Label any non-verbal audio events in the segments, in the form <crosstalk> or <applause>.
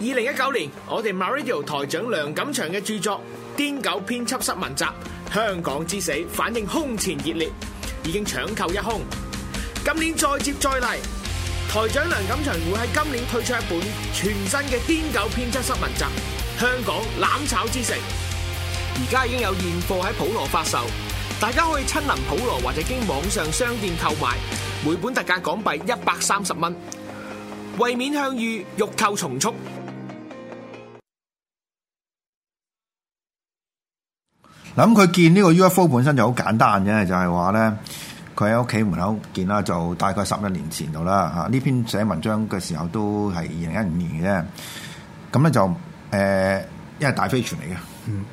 二零一九年，我哋 MyRadio 台長梁錦祥嘅著作《癲狗編輯室文集：香港之死》反應空前熱烈，已經搶購一空。今年再接再厲，台長梁錦祥會喺今年推出一本全新嘅《癲狗編輯室文集：香港攬炒之城》。而家已經有現貨喺普羅發售，大家可以親臨普羅或者經網上商店購買，每本特價港幣一百三十蚊。為免向隅，欲購從速。咁佢見呢個 UFO 本身就好簡單嘅，就係話咧，佢喺屋企門口見啦，就大概十一年前度啦。嚇，呢篇寫文章嘅時候都係二零一五年嘅，咁咧就誒、呃，因為大飛船嚟嘅，嗯、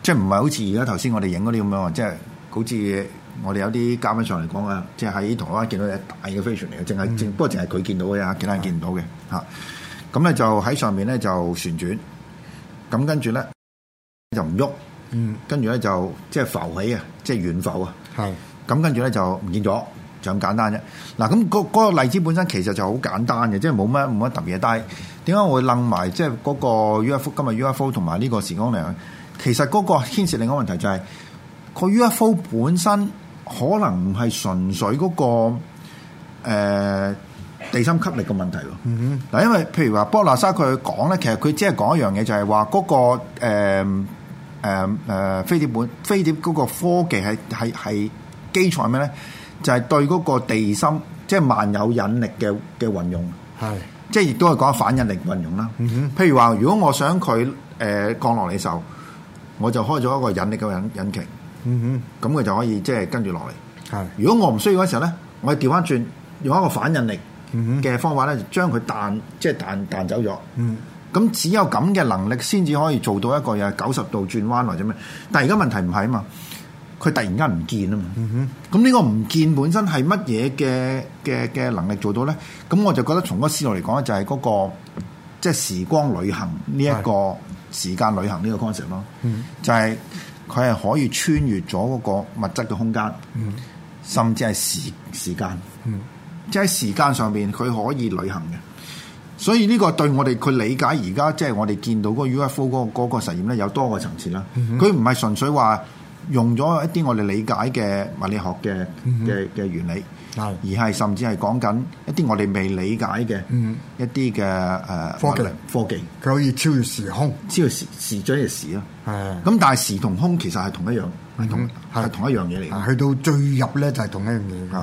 即係唔係好似而家頭先我哋影嗰啲咁樣，即係好似我哋有啲嘉賓上嚟講啊，即係喺台灣見到隻大嘅飛船嚟嘅，淨係、嗯、不過淨係佢見到嘅啫，其他人見唔到嘅嚇。咁咧、嗯嗯、就喺上面咧就旋轉，咁跟住咧就唔喐。嗯，跟住咧就即係浮起啊，即係懸浮啊。係咁是，跟住咧就唔見咗，就咁簡單啫。嗱，咁、那、嗰個例子、那個、本身其實就好簡單嘅，即係冇乜冇乜特別嘢。但係點解我會愣埋即係嗰個 UFO 今日 UFO 同埋呢個時光量？其實嗰個牽涉另一個問題就係、是、佢、那個、UFO 本身可能唔係純粹嗰、那個、呃、地心吸力嘅問題咯。嗱、嗯嗯，因為譬如話波拿沙佢講咧，其實佢只係講一樣嘢、那個，就係話嗰個誒誒、呃、飛碟本飛碟嗰個科技係係係基礎係咩咧？就係、是、對嗰個地心，即係萬有引力嘅嘅運用，係是即係亦都係講反引力運用啦。嗯、哼，譬如話，如果我想佢誒、呃、降落嚟時候，我就開咗一個引力嘅引引擎。嗯哼，咁佢就可以即係跟住落嚟。係是，如果我唔需要嗰時候咧，我調翻轉用一個反引力嘅方法咧，將佢彈即係彈彈，彈走咗。嗯。咁只有咁嘅能力，先至可以做到一個嘢九十度轉彎或者咩，但係而家問題唔係啊嘛，佢突然間唔見啊嘛。咁呢、嗯、哼個唔見本身係乜嘢嘅嘅嘅能力做到咧？咁我就覺得從個思路嚟講咧，就係嗰個即係時光旅行呢、這、一個是時間旅行呢個 concept 咯。就係佢係可以穿越咗嗰個物質嘅空間，嗯、哼甚至係時時間，即係、嗯、哼時間上邊，佢可以旅行嘅。所以呢個對我哋佢理解而家即係我哋見到嗰個 UFO 嗰個嗰個實驗咧，有多個層次啦。佢唔係純粹話用咗一啲我哋理解嘅物理學嘅嘅嘅原理，而係甚至係講緊一啲我哋未理解嘅一啲嘅誒科技。科技佢可以超越時空，超越時時長嘅時啦。咁但係時同空其實係同一樣係同係同一樣嘢嚟。去到最入咧就係同一樣嘢㗎。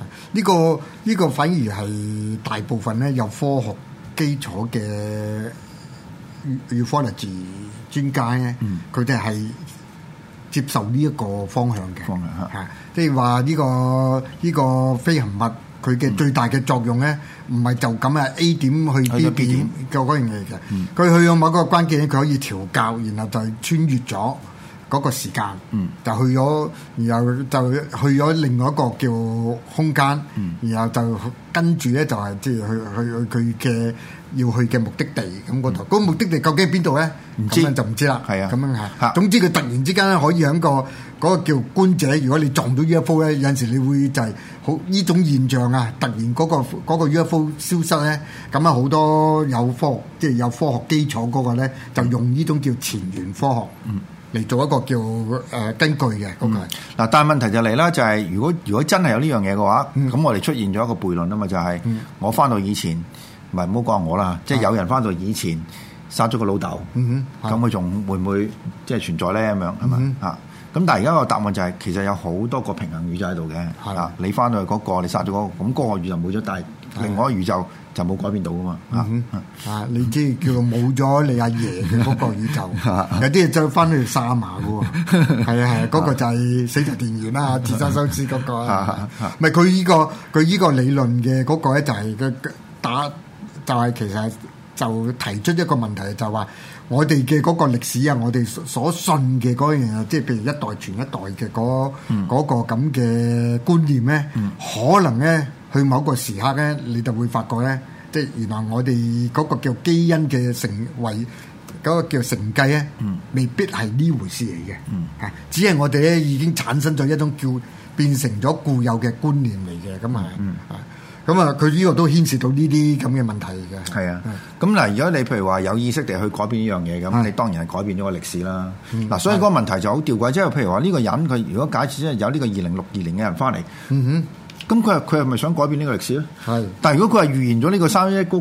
呢、這個呢、這個反而係大部分咧有科學基礎嘅要要科學嘅專家咧，佢哋係接受呢一個方向嘅。方向嚇，嗯、即係話呢個呢、這個飛行物佢嘅最大嘅作用咧，唔係就咁啊 A 點去 B 點嗰嗰樣嘢嘅。佢、嗯、去到某一個關鍵咧，佢可以調校，然後就穿越咗。嗰個時間就去咗，然後就去咗另外一個叫空間，嗯、然後就跟住咧就係即係去去佢嘅要去嘅目的地咁嗰度。嗰、嗰個嗯、個目的地究竟喺邊度咧？唔知就唔知啦。係啊，咁樣嚇。啊、總之佢突然之間咧可以喺個嗰、嗰個叫觀者，如果你撞到 UFO 咧，有陣時你會就係、係、好呢種現象啊！突然嗰、嗰個、嗰個嗰個、UFO 消失咧，咁啊好多有科學即係、就係、有科學基礎嗰個咧，就用呢種叫前沿科學。嗯嚟做一個叫誒根據嘅咁。嗱，但係問題就嚟啦，就係如果如果真係有呢樣嘢嘅話，咁我哋出現咗一個悖論啊嘛，就係我翻到以前，唔係唔好講我啦，即係有人翻到以前殺咗個老豆，咁佢仲會唔會即係存在咧？咁樣係嘛啊？咁但係而家個答案就係其實有好多個平衡宇宙喺度嘅。係啦，你翻到去嗰個你殺咗嗰個，咁嗰個宇宙冇咗，但係另外一個宇宙。就冇改變到噶嘛。啊，你知叫做冇咗你阿爺嘅嗰個宇宙，有啲就再翻去沙馬噶喎。係啊係啊，嗰個就係死神電源啦，自殺手指嗰個。唔係佢呢個佢呢個理論嘅嗰個咧、就是，就係佢打就係其實就提出一個問題，就話、是、我哋嘅嗰個歷史啊，我哋所信嘅嗰樣嘢，即係譬如一代傳一代嘅嗰、那個咁嘅觀念咧，可能咧。去某個時刻咧，你就會發覺咧，即係原來我哋嗰個叫基因嘅成為嗰個叫承繼咧，未必係呢回事嚟嘅。啊，只係我哋咧已經產生咗一種叫變成咗固有嘅觀念嚟嘅咁啊。啊，咁啊，佢呢個都牽涉到呢啲咁嘅問題嘅。係啊。咁嗱，如果你譬如話有意識地去改變呢樣嘢咁，你當然係改變咗個歷史啦。嗱，所以嗰個問題就好吊詭，即係譬如話呢個人佢如果假設有呢個二零六二零嘅人翻嚟，嗯哼。咁佢係佢係咪想改變呢個歷史咧？係。但係如果佢係預言咗呢個三一嗰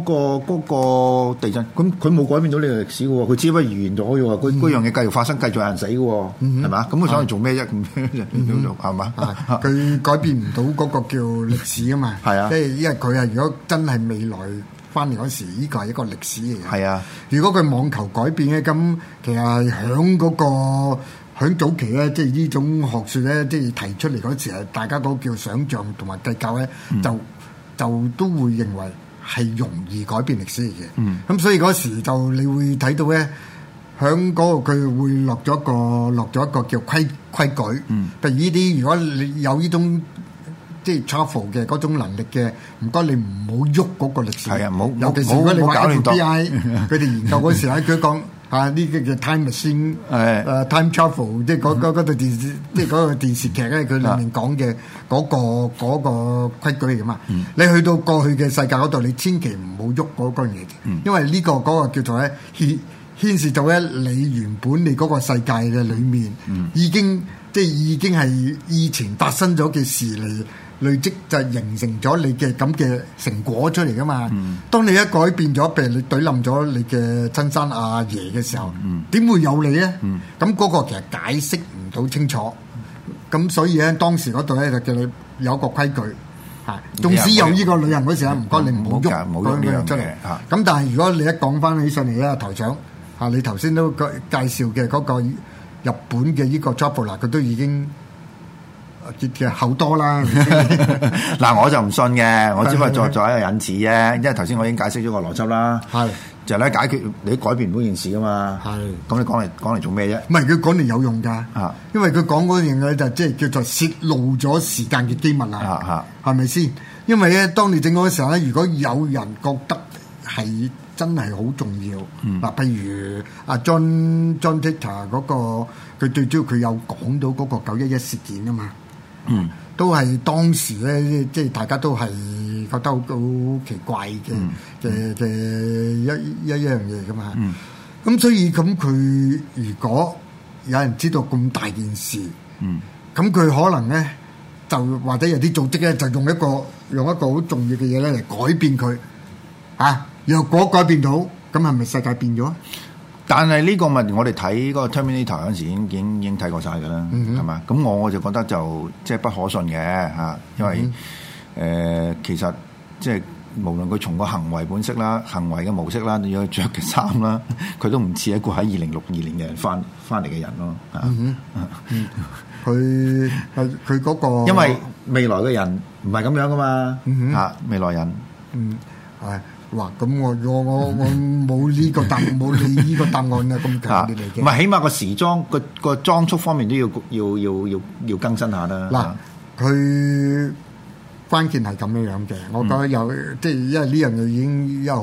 個地震，咁佢冇改變到呢個歷史嘅喎，佢只不過預言咗喎，嗰嗰樣嘢繼續發生，繼續有人死嘅喎，係嘛，嗯哼？咁佢想去做咩啫？咁樣做係嘛？佢 <laughs> 吧改變唔到嗰個叫歷史啊嘛。係 <laughs> 是啊。即係因為佢係如果真係未來翻嚟嗰時，呢、呢個係一個歷史嚟嘅。係是啊。如果佢妄求改變嘅咁其實係響嗰個。喺早期咧，即係呢種學説咧，即係提出嚟嗰時，大家都叫想象同埋計較咧，就就都會認為係容易改變歷史嘅。咁所以嗰時就你會睇到咧，響嗰個佢會落咗一個落咗一個叫規規矩。譬如呢啲，如果你有呢種即係 travel 嘅嗰種能力嘅，唔該你唔好喐嗰個歷史。係啊，唔好尤其是如果你買啲 FBI，佢哋研究嗰時咧，佢講。啊！呢個叫 Time Machine，誒、啊、Time Travel、嗯、即係嗰嗰嗰套電視，即係嗰個電視劇咧，佢裡面講嘅嗰個嗰、嗯、規矩嚟嘛。嗯、你去到過去嘅世界嗰度，你千祈唔好喐嗰嗰嘢，嗯、因為呢、呢個嗰、嗰個叫做咧牽牽涉到咧你原本你嗰個世界嘅裡面、嗯嗯、已經即係已經係以前發生咗嘅事嚟。累積就形成咗你嘅咁嘅成果出嚟噶嘛？當你一改變咗，譬如你懟冧咗你嘅親生阿爺嘅時候，點會有利咧？咁嗰個其實解釋唔到清楚。咁所以咧，當時嗰度咧就叫你有一個規矩嚇。縱使有依個旅行嗰時候啊，唔該你唔好捉，唔好喐出嚟嚇。咁但係如果你一講翻起上嚟咧，台長嚇，你頭先都介介紹嘅嗰個日本嘅依個 travel 啦，佢都已經。其實好多 <laughs> 啦，嗱我就唔信嘅，我只不過作作一個引子啫。因為頭先我已經解釋咗個邏輯啦，係是的 就咧解決你改變唔到件事噶嘛，係咁是的 你講嚟講嚟做咩啫？唔係佢講嚟有用噶，啊，因為佢講嗰樣嘢就即係叫做泄露咗時間嘅機密啊，係咪先？因為咧當你整嗰嘅時候咧，如果有人覺得係真係好重要，嗱、嗯，譬如阿 John John Titor 嗰、那個，佢最主要佢有講到嗰個九一一事件啊嘛。嗯，都係當時咧，即係大家都係覺得好奇怪嘅，誒誒、嗯、一一一樣嘢㗎嘛。咁、嗯、所以咁佢如果有人知道咁大件事，咁佢、嗯、可能咧就或者有啲組織咧就用一個用一個好重要嘅嘢咧嚟改變佢嚇，若、啊、果改變到，咁係咪世界變咗啊？但係呢個物，我哋睇嗰個 Terminator 嗰陣時已經，已經已經睇過晒㗎啦，係嘛、mm？咁、hmm. 我我就覺得就即係、就是、不可信嘅嚇，因為誒、mm hmm. 呃、其實即、就、係、是、無論佢從個行為本色啦、行為嘅模式啦，你要着嘅衫啦，佢都唔似一個喺二零六二年嘅人翻翻嚟嘅人咯嚇。佢佢佢嗰個因為未來嘅人唔係咁樣㗎嘛嚇、mm hmm. 啊，未來人嗯係。Mm hmm. 哎哇！咁我我我我冇呢個答冇你呢個答案咧咁簡單嘅，唔係 <laughs> <laughs> 起碼個時裝個個裝束方面都要要要要要更新下啦。嗱，佢關鍵係咁樣樣嘅，我覺得有即係、嗯、因為呢樣嘢已經有好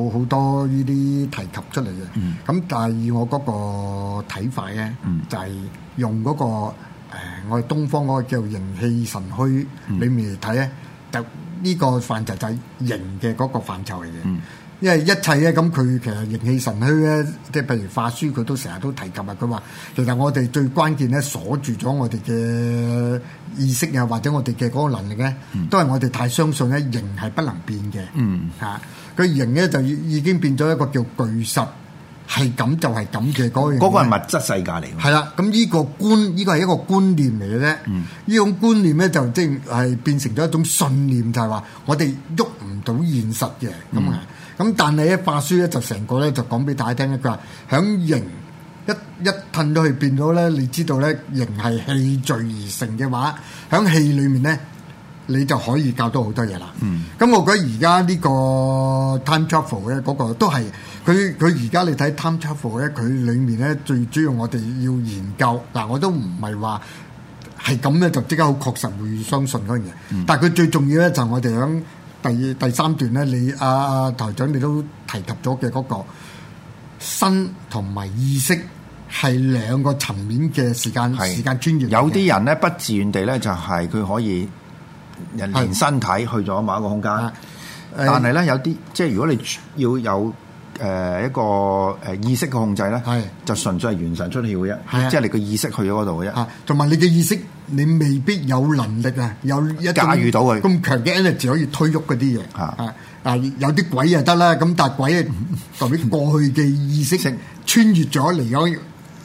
好好，好多呢啲提及出嚟嘅。咁、嗯、但係以我嗰個睇法咧，嗯、就係用嗰、那個、呃、我哋東方嗰個叫做形氣神虛、嗯、裡面嚟睇咧，就。呢個範疇就係形嘅嗰個範疇嚟嘅，嗯、因為一切咧，咁佢其實形氣神虛咧，即係譬如化書佢都成日都提及啊，佢話其實我哋最關鍵咧鎖住咗我哋嘅意識啊，或者我哋嘅嗰個能力咧，都係我哋太相信咧形係不能變嘅，嚇佢形咧就已經變咗一個叫巨實。係咁就係咁嘅嗰樣，嗰、那個係物質世界嚟。係啦，咁呢個觀，呢個係一個觀念嚟嘅啫。依、嗯、種觀念咧，就即、是、係變成咗一種信念，就係、是、話我哋喐唔到現實嘅咁啊。咁、嗯、但係咧，化書咧就成個咧就講俾大家聽一句：「話響形一一褪咗去變咗咧，你知道咧，形係氣聚而成嘅話，響氣裡面咧。你就可以教到好多嘢啦。咁、嗯、我覺得而家呢個 time travel 咧，嗰個都係佢佢而家你睇 time travel 咧，佢裡面咧最主要我哋要研究，嗱，我都唔係話係咁咧，就即刻好確實會相信嗰樣嘢。嗯、但係佢最重要咧，就係我哋響第第三段咧，你阿阿、啊、台長你都提及咗嘅嗰個身同埋意識係兩個層面嘅時間是時間專業。有啲人咧不自然地咧就係佢可以。人形身體去咗某一個空間，的但係咧有啲即係如果你要有誒、呃、一個誒意識嘅控制咧，係就純粹係元神出竅嘅啫，即係你個意識去咗嗰度嘅啫。吓，同埋你嘅意識，你未必有能力啊，有駕馭到佢咁強嘅，energy 可以推喐嗰啲嘢。吓的，啊有啲鬼就得啦，咁但係鬼代表 <laughs> 過去嘅意識性穿越咗嚟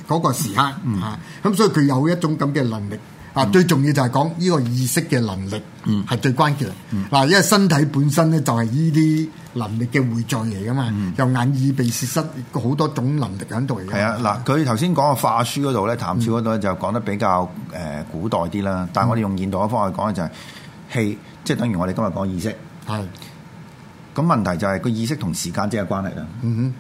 嗰個時刻，吓，咁所以佢有一種咁嘅能力。啊，最重要就係講呢個意識嘅能力係、嗯、最關鍵。嗱、嗯，因為身體本身咧就係呢啲能力嘅匯聚嚟噶嘛，又、嗯、眼耳鼻舌身好多種能力喺度嚟。啊、嗯，嗱，佢頭先講嘅化書嗰度咧，譚峭嗰度就講得比較誒古代啲啦。但係我哋用現代嘅方法講就係、是、氣，嗯、hey, 即係等於我哋今日講意識。係的。咁問題就係、是、個意識同時間即係關係啦。嗯、哼。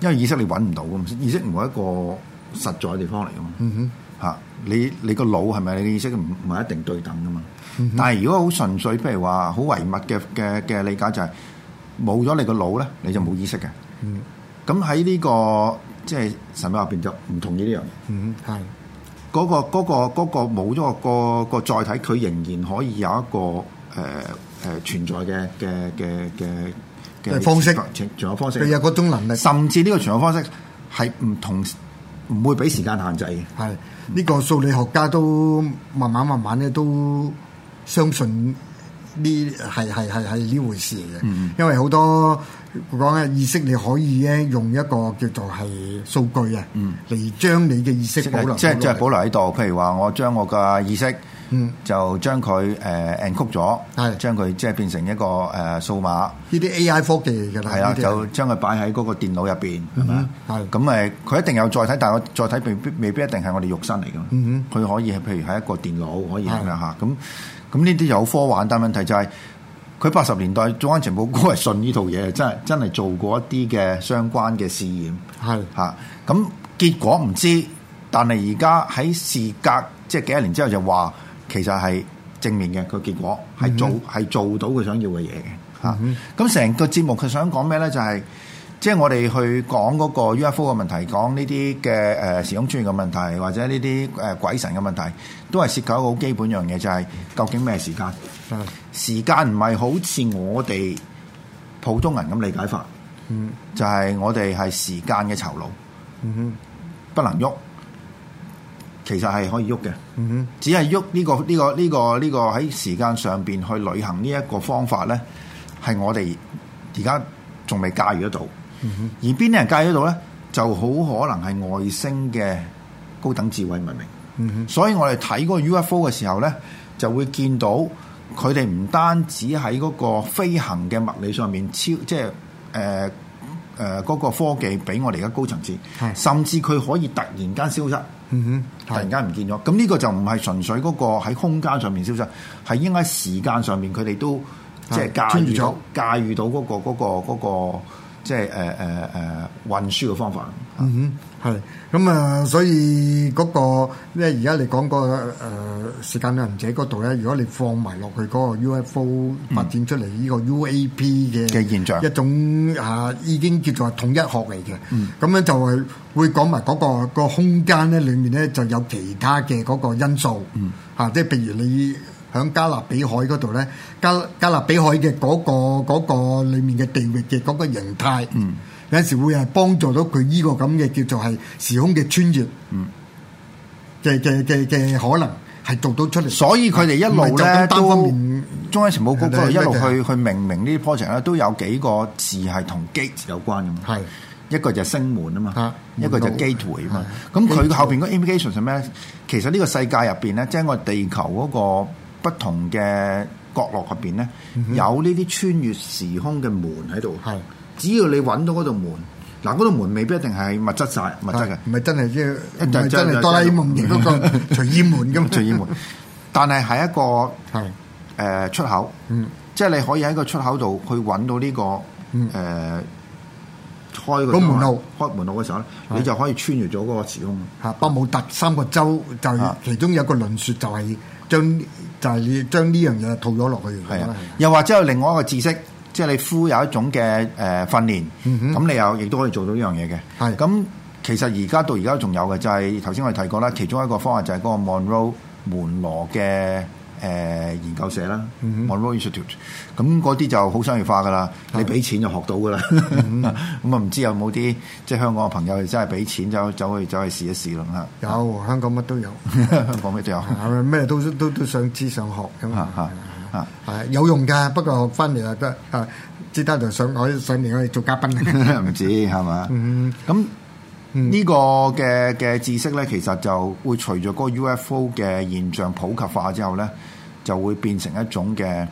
因為意識你揾唔到㗎嘛，意識唔係一個實在嘅地方嚟㗎嘛。嗯、哼。嚇！你是是你個腦係咪你嘅意識唔唔係一定對等噶嘛？嗱、mm，hmm. 但如果好純粹，譬如話好唯物嘅嘅嘅理解就係冇咗你個腦咧，你就冇意識嘅。嗯、mm。咁喺呢個即係神話入邊就唔同意呢樣嘢。嗯，係。嗰個嗰、嗰個嗰個冇咗個個載體，佢仍然可以有一個誒誒存在嘅嘅嘅嘅嘅方式。存有方式。佢有嗰種能力，甚至呢個存有方式係唔同。唔會俾時間限制嘅。係呢、嗯、個數理學家都慢慢慢慢咧都相信呢係係係係呢回事嚟嘅。嗯、因為好多。講咧意識，你可以咧用一個叫做係數據啊，嚟將你嘅意識保留。即係即係保留喺度。譬如話我將我嘅意識，嗯，就將佢誒 encode 咗，係將佢即係變成一個誒數碼。呢啲 AI 科技嚟嘅啦，係啦，就將佢擺喺嗰個電腦入邊，係嘛，係咁誒，佢一定有載體，但係我載體並未必一定係我哋肉身嚟噶嘛。嗯哼，佢可以係譬如喺一個電腦可以噶吓，咁咁呢啲有科幻，但係問題就係。佢八十年代中央情報局係信呢套嘢，真係真係做過一啲嘅相關嘅試驗。係嚇是的、啊。咁結果唔知，但係而家喺事隔即係幾多年之後就、啊，就話其實係正面嘅佢結果係做係做到佢想要嘅嘢嘅嚇。咁成個節目佢想講咩咧？就係。即係我哋去講嗰個 UFO 嘅問題，講呢啲嘅誒時空穿越嘅問題，或者呢啲誒鬼神嘅問題，都係涉及一個好基本樣嘢，就係、是、究竟咩時間？嗯、時間唔係好似我哋普通人咁理解法。嗯，就係我哋係時間嘅酬勞。嗯哼，不能喐，其實係可以喐嘅。嗯哼，只係喐呢個呢、呢個呢、呢個呢、呢個喺、呢個、時間上邊去旅行呢一個方法咧，係我哋而家仲未駕馭得到。而邊啲人介入到呢？就好可能係外星嘅高等智慧文明。嗯、哼所以我哋睇嗰個 UFO 嘅時候呢，就會見到佢哋唔單止喺嗰個飛行嘅物理上面超，即係誒誒嗰個科技比我哋而家高層次，是甚至佢可以突然間消失，嗯、哼突然間唔見咗。咁呢是個就唔係純粹嗰個喺空間上面消失，係應該時間上面佢哋都即係駕馭到駕馭到嗰個嗰嗰個。嗰個嗰個嗰個嗰個即係誒誒誒運輸嘅方法，mm hmm. 嗯哼，係咁啊，所以嗰、嗰個咧而家你講、嗰個誒、呃、時間旅行者嗰度咧，如果你放埋落去嗰個 UFO 發展出嚟呢個 UAP 嘅嘅現象，嗯，一種啊已經叫做統一學嚟嘅，咁咧、嗯、就係會講埋嗰個個空間咧裡面咧就有其他嘅嗰個因素，嚇、嗯啊，即係譬如你。喺加勒比海嗰度咧，加加勒比海嘅嗰個嗰個裏面嘅地域嘅嗰個形態，有陣時會係幫助到佢呢個咁嘅叫做係時空嘅穿越嘅嘅嘅嘅可能，係做到出嚟。所以佢哋一路咧都中央情報局嗰度一路去去命名呢啲 project 咧，都有幾個字係同 gate 有關嘅嘛。係一個就係星門啊嘛，一個就係 gateway 啊嘛。咁佢後邊嗰 imagination 係咩咧？其實呢個世界入邊咧，即係我哋地球嗰個。不同嘅角落入邊咧，有呢啲穿越時空嘅門喺度。係，只要你揾到嗰道門，嗱嗰道門未必一定係物質晒，物質嘅，唔係真係即係唔係真係哆啦 A 夢嗰個隨意門咁隨意門。但係係一個誒出口，即係你可以喺個出口度去揾到呢個誒開個門路開門路嘅時候咧，你就可以穿越咗嗰個時空。嚇，百慕達三角洲就其中有一個論説就係。將就係、是、你將呢樣嘢套咗落去，係啦的。的又或者有另外一個知識，即係你呼有一種嘅誒、呃、訓練，咁、嗯、哼你又亦都可以做到呢樣嘢嘅。係咁的，其實而家到而家仲有嘅就係頭先我哋提過啦，其中一個方法就係嗰個 Monroe 門羅嘅。誒、呃、研究社啦，網絡與咁嗰啲就好商業化噶啦，是你俾錢就學到噶啦。咁啊、mm，唔、hmm. <laughs> 知有冇啲即係香港嘅朋友真，真係俾錢走走去走去試一試咯嚇。有是香港乜都有，香港乜都有，咩都都都想知想學咁啊嚇，有用㗎，不過學翻嚟又得啊，接得就上可上面可以做嘉賓唔知係嘛？咁 <laughs> 呢、 <laughs> mm hmm. 個嘅嘅知識咧，其實就會隨著嗰個 UFO 嘅現象普及化之後咧。就會變成一種嘅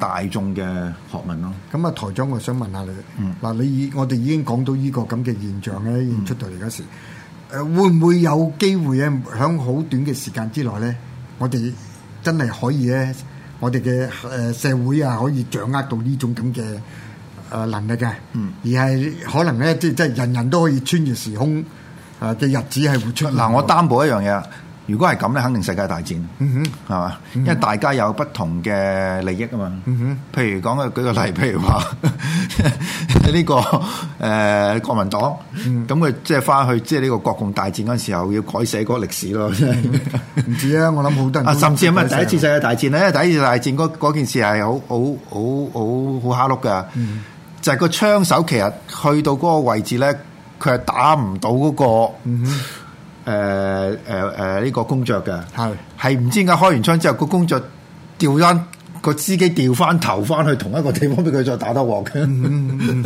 大眾嘅學問咯。咁啊，台長，我想問下你。嗯。嗱，你已我哋已經講到呢個咁嘅現象咧，現出到嚟嗰時，誒、嗯、會唔會有機會咧？喺好短嘅時間之內咧，我哋真係可以咧，我哋嘅誒社會啊，可以掌握到呢種咁嘅誒能力嘅。嗯。而係可能咧，即即係人人都可以穿越時空啊！嘅日子係會出、嗯。嗱、嗯，我擔保一樣嘢。如果係咁咧，肯定世界大戰，係嘛，嗯哼？因為大家有不同嘅利益啊嘛。嗯、哼譬如講，舉個例，譬如話呢、 <laughs> 呢個誒、呃、國民黨，咁佢即係翻去，即係呢個國共大戰嗰陣時候，要改寫嗰個歷史咯。唔知 <laughs> 啊，我諗好多人甚至係咪第一次世界大戰咧？因為第一次大戰嗰件事係好好好好好蝦碌噶，嗯、就係個槍手其實去到嗰個位置咧，佢係打唔到嗰個。嗯誒誒誒，呢、呃呃呃，這個工作嘅係係唔知點解開完窗之後個工作調翻個司機調翻頭翻去同一個地方俾佢再打得鑊嘅，呢啲、嗯嗯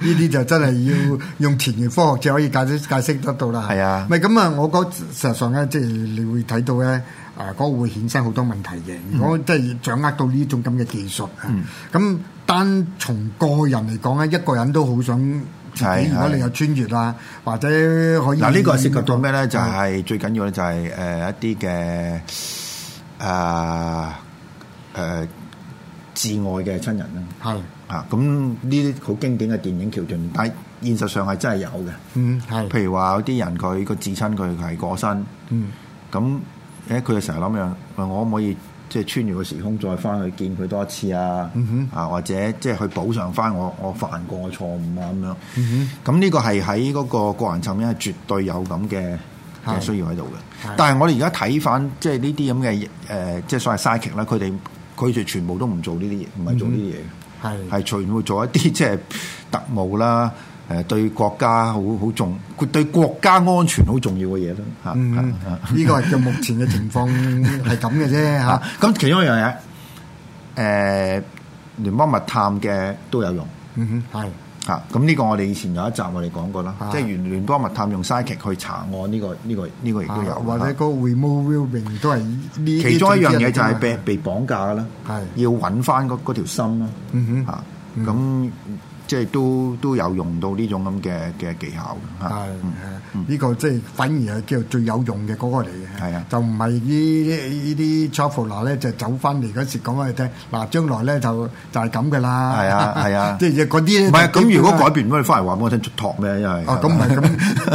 嗯、就真係要用田然科學就可以解釋解釋得到啦。係啊，唔係咁啊，我覺得事實上咧，即、就、係、是、你會睇到咧，誒、呃，嗰、那個會衍生好多問題嘅。如果、嗯、即係掌握到呢種咁嘅技術啊，咁、嗯嗯、單從個人嚟講咧，一個人都好想。係，如果你有穿越啦，或者可以嗱，呢個涉及到咩咧？就係最緊要咧，就係誒一啲嘅誒誒至愛嘅親人啦。係啊，咁呢啲好經典嘅電影橋段，但現實上係真係有嘅。嗯，係。譬如話有啲人佢個至親佢係過身，嗯，咁誒佢就成日諗樣，我可唔可以？即係穿越個時空再翻去見佢多一次啊。嗯、哼啊，或者即係去補償翻我我犯過嘅錯誤啊咁樣。咁呢、嗯、哼個係喺嗰個個人層面係絕對有咁嘅需要喺度嘅。的但係我哋而家睇翻即係呢啲咁嘅誒，即係、呃、所謂嘅 cycle 啦，佢哋佢哋全部都唔做呢啲嘢，唔係做呢啲嘢，係、嗯、哼的全部做一啲即係特務啦。誒，對國家好好重，佢對國家安全好重要嘅嘢咯。吓，呢個係就目前嘅情況係咁嘅啫。吓，咁其中一樣嘢，誒，聯邦物探嘅都有用。嗯哼，係吓，咁呢個我哋以前有一集我哋講過啦，即係原聯邦物探用 s y c 篩劇去查案，呢個呢個呢個亦都有。或者個 remove v i i n g 都係其中一樣嘢就係被被綁架啦，要揾翻嗰嗰條心啦。哼，吓咁。即係都都有用到呢種咁嘅嘅技巧嘅，呢個即係反而係叫最有用嘅嗰個嚟嘅。係啊，就唔係呢啲 traveler 咧，就走翻嚟嗰時講俾你聽。嗱，將來咧就就係咁嘅啦。係啊係啊，即係嗰啲唔係咁。如果改變咗，你翻嚟話俾我聽出託咩？因為哦，咁唔係咁，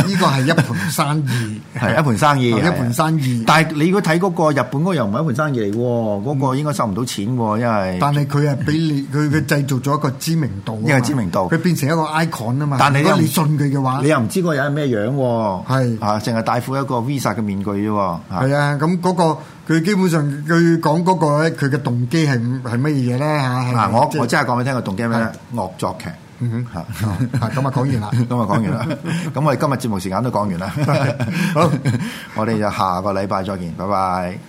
呢個係一盤生意，係一盤生意，一盤生意。但係你如果睇嗰個日本嗰個又唔係一盤生意嚟喎，嗰個應該收唔到錢喎，因為但係佢係俾你佢佢製造咗一個知名度，佢變成一個 icon 啊嘛，但係你信佢嘅話，你又唔知嗰人係咩樣喎？係啊，淨係戴副一個 V 煞嘅面具啫喎。係啊，咁嗰個佢基本上佢講嗰個佢嘅動機係係乜嘢咧？嚇！嗱，我我真係講俾你聽個動機咩咧？惡作劇。嗯哼，咁啊講完啦，咁啊講完啦，咁我哋今日節目時間都講完啦。好，我哋就下個禮拜再見，拜拜。